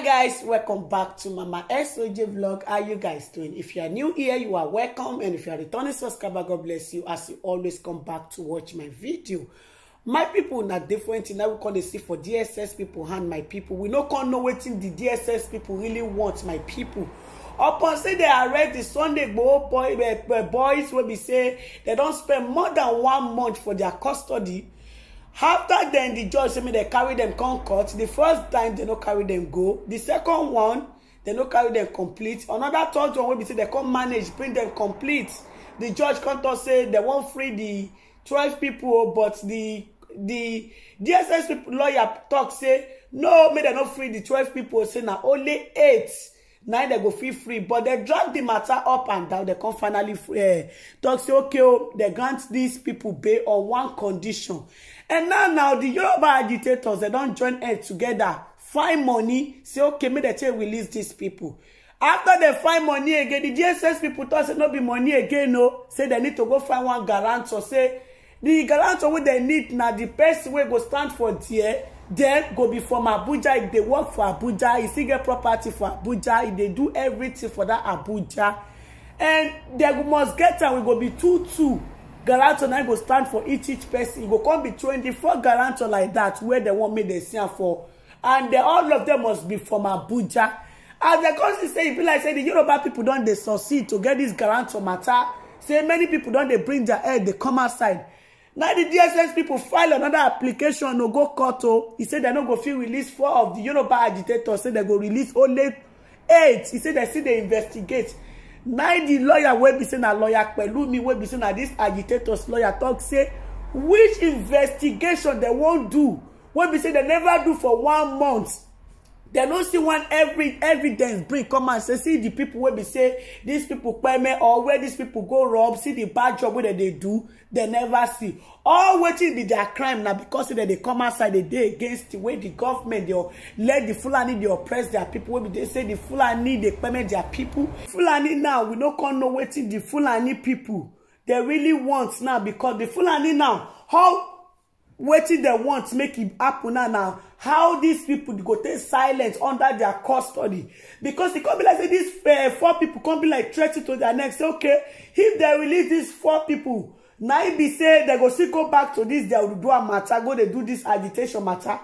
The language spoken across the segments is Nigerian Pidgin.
hi guys welcome back to mama soj vlog how you guys doing if you are new here you are welcome and if you are returning subscriber god bless you as you always come back to watch my video my people not different Now we call dey see for dss people and my people we no call no waiting. the dss people really want my people upon say they arrest the sunday boy, eh, boys will be say they don't spend more than one month for their custody after then the judge say make dem carry dem come court di first time dem no carry dem go The second one dem no carry dem complete another third one wey be say dem come manage bring dem complete The judge come talk say dem wan free the twelve people, but the the dss lawyer talk say no make dem no free the twelve people. say na only eight na dem go feel free but dem drag the matter up and down dem come finally eh, talk say okay o oh, dem grant these people bail on one condition and now now the yoruba agitators they don't join head together, find money say okay make dem take release these people. after they find money again the dss people tok say not be money again o say they need to go find one guarantor say the guarantor what they need now—the best way go stand for there Then go be from abuja if they work for abuja e if they get property for abuja if they do everything for that abuja and they must get am we go be two two guarantor na go stand for each each person e go come be twenty four guarantor like that. wey dem wan make dem see am for and all of them must be from abuja as dem come see say e be like say the yoruba people don dey succeed to get this guarantor matter. say many people don dey bring their head dey come outside Now the dss people file another application no go court o e say dem no go fit release four of the yoruba agitators say dem go release only eight e say dem still dey investigate Now the lawyer wey be saying a lawyer me wey be saying na this agitators lawyer talk say which investigation they won't do wey be say they never do for one month dem no see one every evidence bring come out say see di pipo wey be say dis pipo peme or where dis pipo go rob see di bad job wey dem dey do dem never see all wetin be their crime na because say dem dey come outside dey dey against the way the government dey let the fulani dey oppress their people. wey be dey say the fulani dey peme their people. fulani now we no con know wetin the fulani people. dey really want now because the fulani now how wetin dem want make e happen now now how dis pipo go take silent under their custody because e come be like say dis eh, four pipo come be like threat to their next say okay if dem release dis four pipo na e be say dem go still go back to dis dia urudua matter go dey do dis agitation matter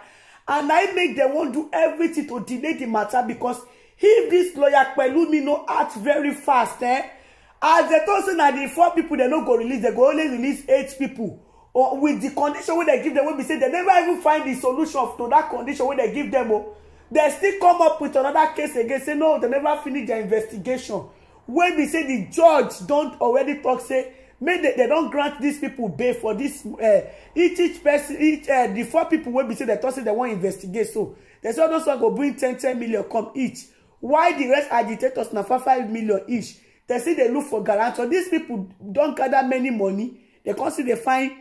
and na e make dem wan do everything to delay di matter because if dis lawyer pelumi no act very fast eh as dem tok say na di four pipo dem no go release dem go only release eight pipo or with the condition wey dem give them, wey be say they never even find the solution to that condition wey dem give them, o oh. they still come up with another case again say no they never finish their investigation wey be say the judge don already talk say make they, they don grant these people bail for this uh, each each person each uh, the four people wey be say they talk say they wan investigate so they say all those one go bring ten ten million come each while the rest agitators na five five million each they say they look for guarantor these people don gather many money they come still dey find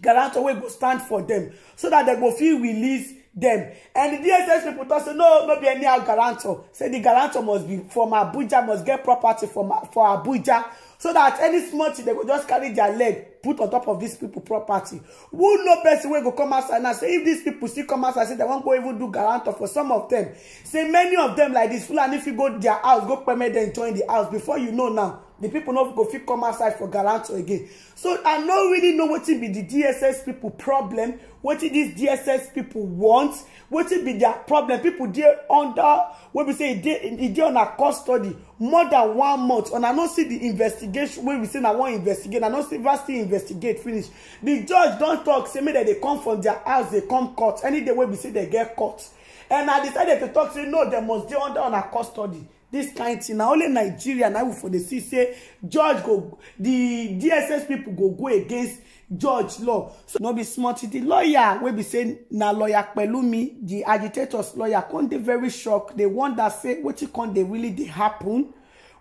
garato wey go stand for dem so dat dem go fit release dem and di dss pipo tok say no no be anyhow guarantor say di guarantor must be from abuja must get property from for abuja so dat any small thing dem go just carry dia leg put on top of dis pipo property who know person wey go come outside now say if dis pipo still come outside say dem wan go even do guarantor for some of dem say many of dem like dis fulani fit go dia house go permit dem join di house before you know now The people not go fit come outside for galanto again so i no really know wetin be the dss people problem wetin dis dss pipo want wetin be their problem People dey under wey be say e dey e on her custody more than one month and i no see the investigation wey be say na wan investigate i no see still investigate finish The judge don talk. say make dem dey come from their house dey come court any day wey be say dem get court and i decided to tok say no dem must dey under on her custody This kind thing na only nigeria na we for dey see say judge go the dss people go go against judge law so no be small the lawyer wey be say na lawyer pelumi the agitators lawyer con dey very shocked dey wonder say wetin con dey really dey happen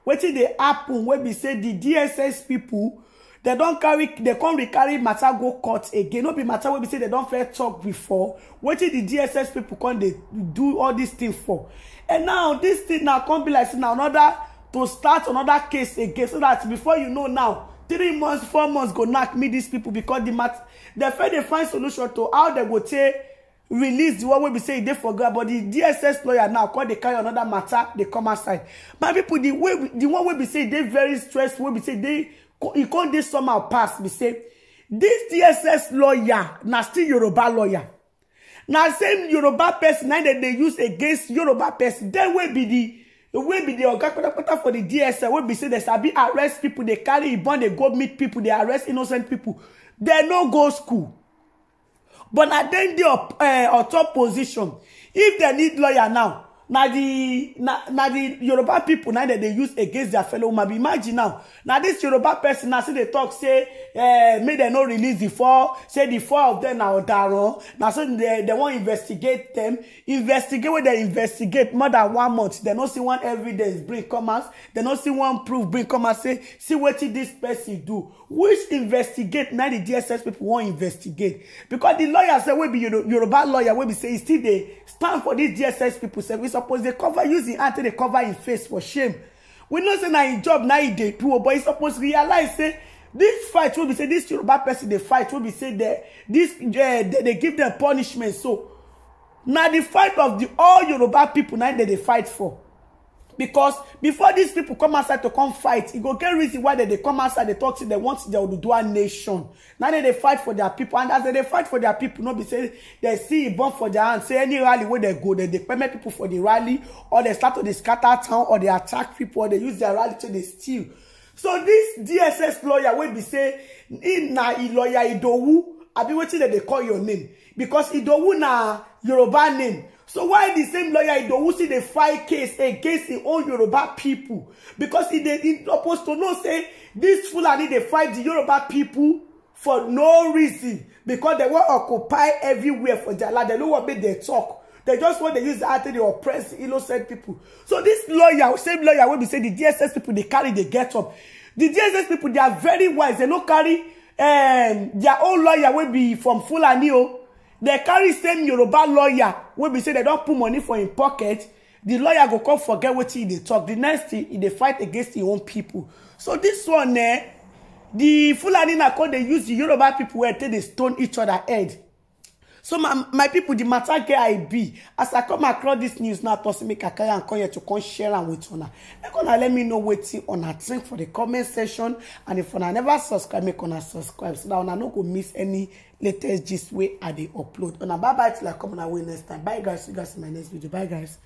wetin dey happen wey be say the dss people. They don't carry They can't dey carry matter go court again no be matter wey be say they don't fair talk before What wetin the dss people come They do all dis thing for and now this thing now can't be like now another to start another case again so that before you know now three months four months go knock me these people because the mat they find dey find solution to how they go take release the one wey be say e dey for ground but the dss lawyer now come dey carry another matter dey come outside my people the way the one wey be say e dey very stressful wey be say e dey e come dey somehow pass be say this dss lawyer na still yoruba lawyer na same yoruba person na dem dey use against yoruba person dem wey be the wey be the oga patapata for the DSS. wey be say they sabi arrest people dey carry ibon e dey go meet people dey arrest innocent people dem no go school but na dem dey eh, on top position if dem need lawyer now na the na na the yoruba people na that dey use against their fellow woman be imagine now na this yoruba person na still dey talk say eh, make dem no release the four say the four of dem na odaran na so dem wan investigate dem investigate wey dem investigate more than one month dem no see one evidence bring come out. dem no see one proof bring come out. say see wetin this person do which investigate na the dss people wan investigate because di lawyer say wey be yoruba lawyer wey be say e still dey stand for this dss people service suppose they cover using him hand take cover him face for shame we know say now him job now him dey do but he suppose realize say this fight will be say this yoruba person they fight will be say dey this uh, eh, dey dey give them punishment so now the fight of the all yoruba people now they they fight for because before these people come outside to come fight e go get reason why they dey come outside dey talk say they want the oduduwa nation na dem dey fight for their people, and as they dey fight for their people, no be say they see e burn for their hand say any rally wey dem go dem dey permit pipo for the rally or dem start to dey scatter town or dey attack people. or dey use their rally to dey steal so this dss lawyer wey be say na e lawyer idowu abi wetin dem dey call your name because idowu na yoruba name So why the same lawyer Idowusi dey file case against im own Yoruba people? Because e dey supposed to know say this Fulani dey fight the Yoruba people for no reason because they wan occupy everywhere for their land. They no wan make dem talk. They just want to use that to oppress innocent people. So this lawyer, same lawyer wey be say the DSS people dey carry dey get up. The DSS people they are very wise. They no carry um, their own lawyer wey be from Fulani o. They carry same yoruba lawyer wey be say they don't put money for in pocket The lawyer go come forget what he they talk The next thing e dey fight against im own people. so this one eh the fulani na come dey use the yoruba people where they stone each other head so my my people the matter get i be as i come across this news now to see make i carry am come here to come share and with una make una let me know wetin una think for the comment section and if una never subscribe make una subscribe so that una no go miss any latest gist way i dey upload una bye bye till i come on away next time bye guys see you guys in my next video bye guys.